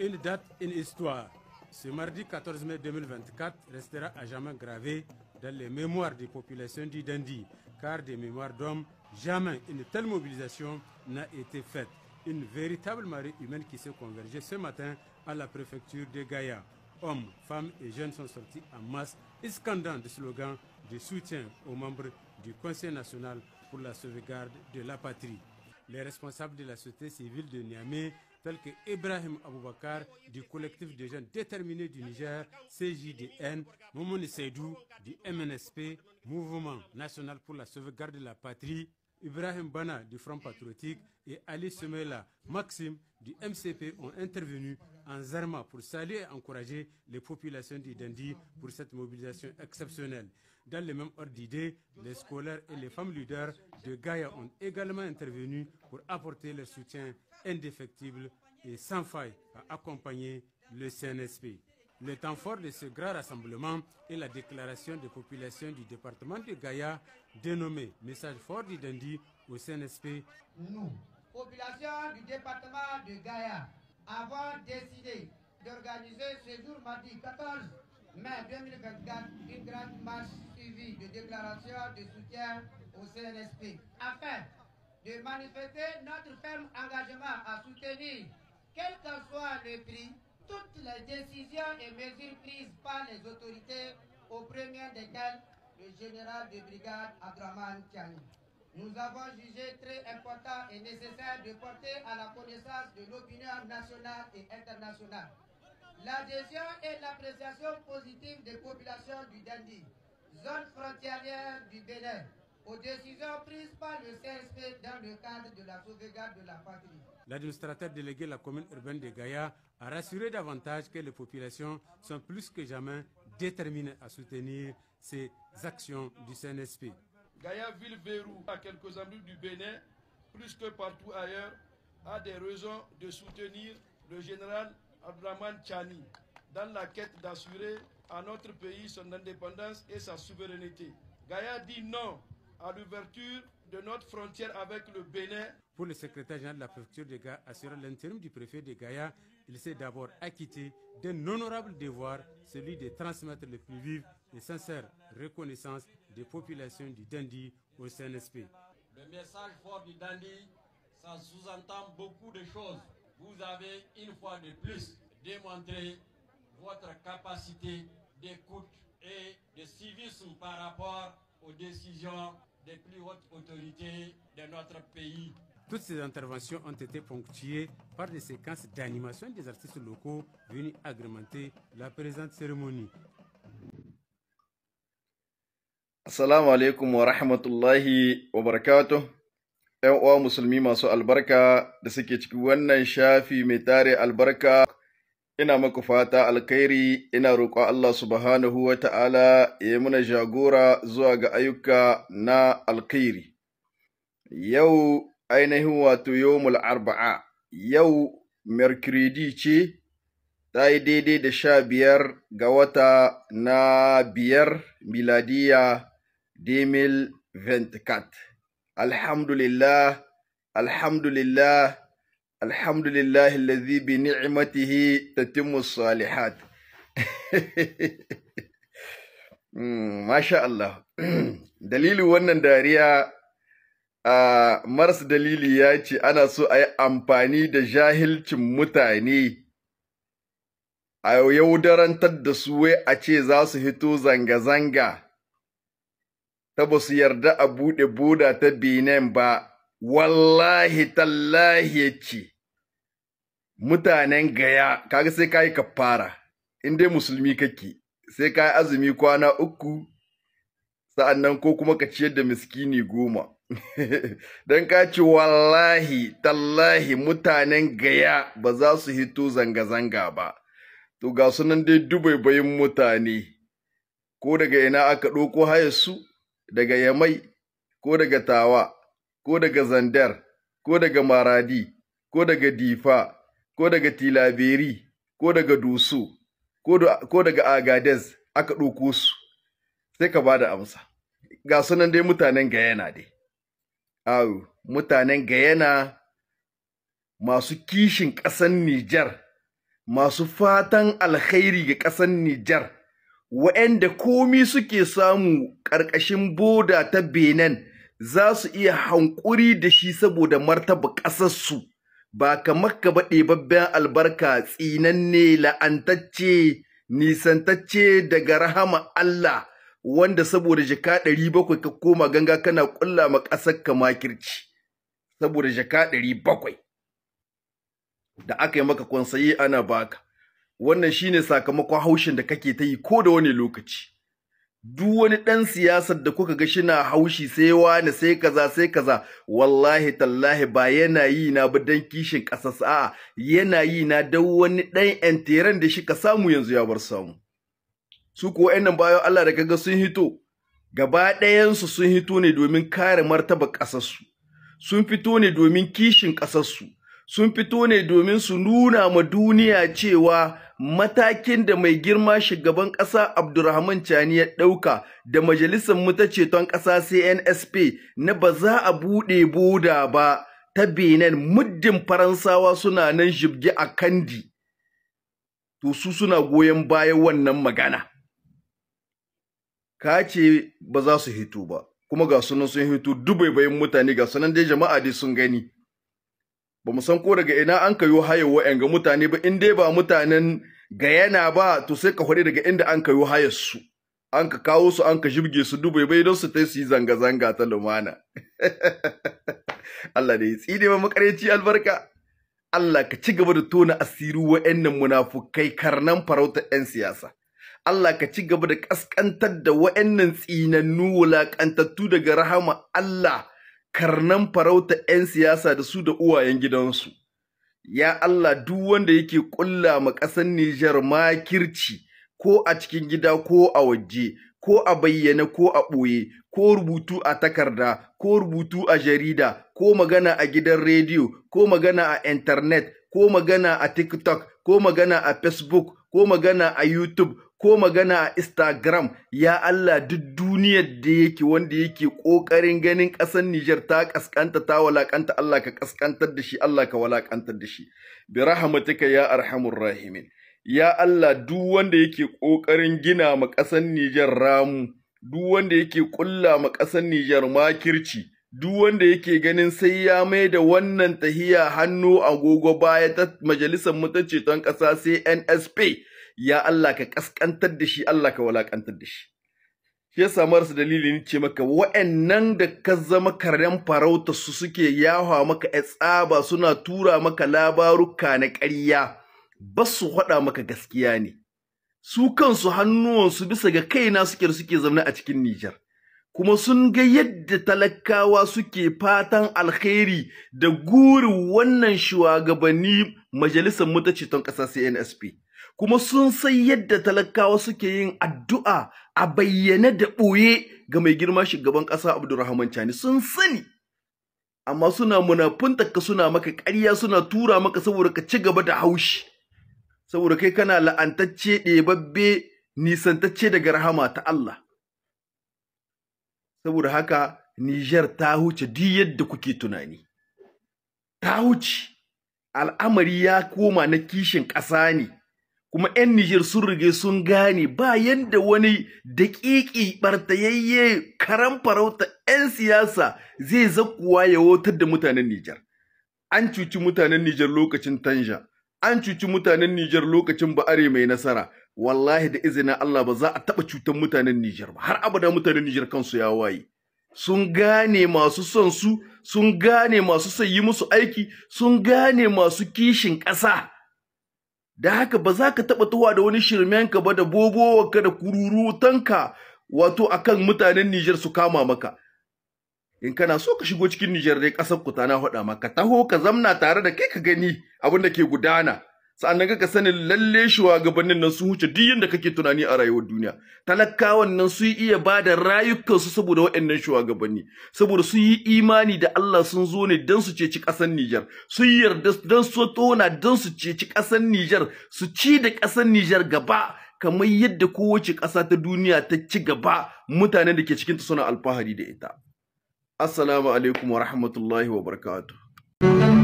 Une date, une histoire. Ce mardi 14 mai 2024 restera à jamais gravé dans les mémoires des populations du Dandi, car des mémoires d'hommes, jamais une telle mobilisation n'a été faite. Une véritable marée humaine qui s'est convergée ce matin à la préfecture de Gaïa. Hommes, femmes et jeunes sont sortis en masse, scandant des slogans de soutien aux membres du Conseil national pour la sauvegarde de la patrie. Les responsables de la société civile de Niamey tels que Ibrahim Aboubakar du collectif des jeunes déterminés du Niger, CJDN, Moumouni Seydou du MNSP, Mouvement national pour la sauvegarde de la patrie, Ibrahim Bana du Front Patriotique et Ali Semela Maxime du MCP ont intervenu en Zarma pour saluer et encourager les populations du d'Idendi pour cette mobilisation exceptionnelle. Dans le même ordre d'idée, les scolaires et les femmes leaders de Gaïa ont également intervenu pour apporter leur soutien indéfectible et sans faille à accompagner le CNSP. Le temps fort de ce grand rassemblement est la déclaration des populations du département de Gaïa, dénommée Message fort du au CNSP. Nous, population du département de Gaïa, avons décidé d'organiser ce jour mardi 14 mai 2024, une grande marche suivie de déclarations de soutien au CNSP, afin de manifester notre ferme engagement à soutenir, quel qu'en soit le prix, toutes les décisions et mesures prises par les autorités, au premier desquelles le général de brigade Adraman Tiani. Nous avons jugé très important et nécessaire de porter à la connaissance de l'opinion nationale et internationale L'adhésion et l'appréciation positive des populations du Dandi, zone frontalière du Bénin, aux décisions prises par le CNSP dans le cadre de la sauvegarde de la patrie. L'administrateur délégué de la commune urbaine de Gaïa a rassuré davantage que les populations sont plus que jamais déterminées à soutenir ces actions du CNSP. Gaïa ville verrou à quelques amis du Bénin, plus que partout ailleurs, a des raisons de soutenir le général Abdraman Chani dans la quête d'assurer à notre pays son indépendance et sa souveraineté. Gaïa dit non à l'ouverture de notre frontière avec le Bénin. Pour le secrétaire général de la préfecture de Gaïa, assurant l'intérim du préfet de Gaïa, il s'est d'abord acquitté d'un honorable devoir, celui de transmettre le plus vives et sincère reconnaissance des populations du Dandi au CNSP. Le message fort du Dandi, ça sous-entend beaucoup de choses vous avez une fois de plus démontré votre capacité d'écoute et de civisme par rapport aux décisions des plus hautes autorités de notre pays. Toutes ces interventions ont été ponctuées par des séquences d'animation des artistes locaux venus agrémenter la présente cérémonie. Assalamu alaikum wa rahmatullahi wa barakatuh. ‘yan uwa musulmi masu albarka da suke ciki wannan shafi mai tare albarka, ina maku fata alkhairi, ina roƙo Allah subhanahu wa ta'ala ya yi muna jagora zuwa ga ayyuka na alkhairi. Yau ainihin wato yomul arba'a, yau Mercredi ce, ta yi daidai da sha biyar ga wata na biyar miladiya 2024. alhamdulillah alhamdulillah alhamdulillah alladhi bi ni'matihi tatimmu salihat hmm, masha Allah dalilin wannan dariya a maras dalili ya ce ana so a yi amfani da jahilcin mutane a yaudarantar da su wai a ce za su hito zanga-zanga ta ba su yarda a buɗe buda ta Benin ba, wallahi tallahi ya ce, mutanen gaya, kaga sai ka yi kafara, in dai musulmi kake, sai ka yi azumi kwana uku, sa'annan ko kuma ka ciyar da miskini goma. Don ka ce wallahi tallahi mutanen gaya ba za su hito zanga-zanga ba, to ga sunan dai bayan mutane, ko daga ina aka ɗauko haya su. daga Yamai, ko daga Tawa, ko daga Zandar, ko daga Maradi, ko daga Difa, ko daga Tilaberi, ko daga Dusu, ko daga Agades aka ɗauko su, sai ka ba da amsa. Ga sunan dai mutanen Gayana dai. Awu, mutanen Gayana masu kishin ƙasan Nijar, masu fatan alkhairi ga ƙasan Nijar. Wa'yanda komi suke samu ƙarƙashin boda ta Benin za su iya hankuri da shi saboda martaba ƙasarsu ba kamar ka baɗe babban albarka tsinanne la'antacce nisantacce daga rahama Allah wanda saboda jaka ɗari bakwai ka koma ganga kana ƙulla ma ƙasar ka makirci saboda jaka ɗari bakwai da aka yi maka kwansaye ana baka wannan shine sakamakon haushin da kake ta yi ko da wani lokaci duk wani ɗan siyasar da kuka ga shina haushi sai wani sai kaza sai kaza wallahi tallahi ba yana yi na ba dan kishin ƙasas a'a yana yi na dan wani ɗan ƴan da shi ka samu yanzu ya bar samu su kuwa 'yan nan Allah da kaga sun hito gaba ɗayansu sun hito ne domin kare martaba ƙasassu. sun fito ne domin kishin ƙasarsu sun fito ne domin su nuna ma duniya cewa matakin da mai girma shugaban ƙasa abdulrahman Chani ya ɗauka da majalisar muta ceton ƙasa CNSP na ba za a buɗe boda ba ta Benin muddin Faransawa suna nan jibge a Kandi. To su suna goyon bayan wannan magana. Ka ce ba za su hito ba, kuma ga sunan sun hito bayan mutane ga sunan dai jama'a dai sun gani. ba mu san ko daga ina an kayo hayan wa'yan ga mutane ba in dai ba mutanen gayana ba to sai ka faɗi daga inda an kayo hayar su an ka kawo su an ka jibge su dubai bai don su ta yi zanga-zanga ta lumana Allah da ya tsine ma makareci albarka Allah ka ci gaba da tona asiru wa'annan munafukai karnan farauta 'yan siyasa Allah ka ci gaba da kaskantar da wa'annan tsinannu wulaƙantattu daga rahama Allah karnan farauta 'yan siyasa da su da uwayen gidansu. Ya Allah duk wanda yake ƙulla ma ƙasar Nijar kirci, ko a cikin gida ko a waje, ko a bayyane ko a ɓoye, ko rubutu a takarda, ko rubutu a jarida, ko magana a gidan rediyo, ko magana a intanet, ko magana a TikTok, ko magana a Facebook, ko magana a YouTube, ko magana a Instagram ya Allah duk duniyar da yake wanda yake ƙoƙarin ganin ƙasar Nijar ta ƙasƙanta ta walaƙanta Allah ka ƙasƙantar da shi Allah ka walaƙantar da shi bi rahamatika ya arhamur rahimin ya Allah duk wanda yake ƙoƙarin gina ma ƙasar Nijar ramu duk wanda yake ƙulla ma ƙasar Nijar makirci duk wanda yake ganin sai ya mai da wannan tahiya hannu agogo baya ta majalisar mutace ƙasa sai NSP ya Allah ka kaskantar da shi Allah ka walakantar da shi shi yasa marasa dalili ne ce maka wa'annan da ka zama karen farauta su suke yawa maka ya tsaba suna tura maka labaruka na ƙarya ba su faɗa maka gaskiya ne su kansu hannuwansu bisa ga kaina suke suke zaune a cikin Nijar kuma sun ga yadda talakawa suke fatan alkhairi da gurin wannan shugabanni majalisar mutaciton ƙasa CNSP. kuma sun san yadda talakawa suke yin addu'a a bayyane da ɓoye ga mai girma shugaban ƙasa Abdulrahman Chani sun sani amma suna munafunta ka suna maka ƙarya suna tura maka saboda ka ci gaba da haushi saboda kai kana la'antacce ɗebabbe nisantacce daga rahama ta Allah saboda haka Nijar ta huce duk yadda kuke tunani ta huce al'amari ya koma na kishin ƙasa ne kuma 'yan Nijar sun rige sun gane ba yadda wani daƙiƙi ɓartayayye karan farauta 'yan siyasa zai zakuwa ya wotar da mutanen Nijar. An cuci mutanen Nijar lokacin Tanja, an cuci mutanen Nijar lokacin Ba'are mai nasara, wallahi da izinin Allah ba za a taɓa cutar mutanen Nijar ba, har abada mutanen Nijar kansu ya waye. Sun gane masu son su, sun gane masu sayi musu aiki, sun gane masu kishin ƙasa. da haka ba za ka taɓa tuwa da wani shirmenka ba da bobowarka da kururutanka wato akan mutanen Nijar su kama maka in kana so ka shigo cikin Nijar dai ƙasar ku ta na maka taho ka zamna tare da kai ka gani abin da ke gudana Sa'annan kaka sanin lalle shugabannin nan sun huce duk yadda kake tunani a rayuwar duniya talakawan nan sun iya ba da rayukansu saboda waɗannan shugabanni saboda sun yi imani da Allah sun zo ne don su ceci ƙasar Nijar sun yarda don su tona don su ceci ƙasar Nijar su ci da ƙasar Nijar gaba kamar yadda kowace ƙasa ta duniya ta ci gaba mutanen da ke cikinta suna alfahari da ita assalamu alaikum wa rahmatullahi wa barakatuh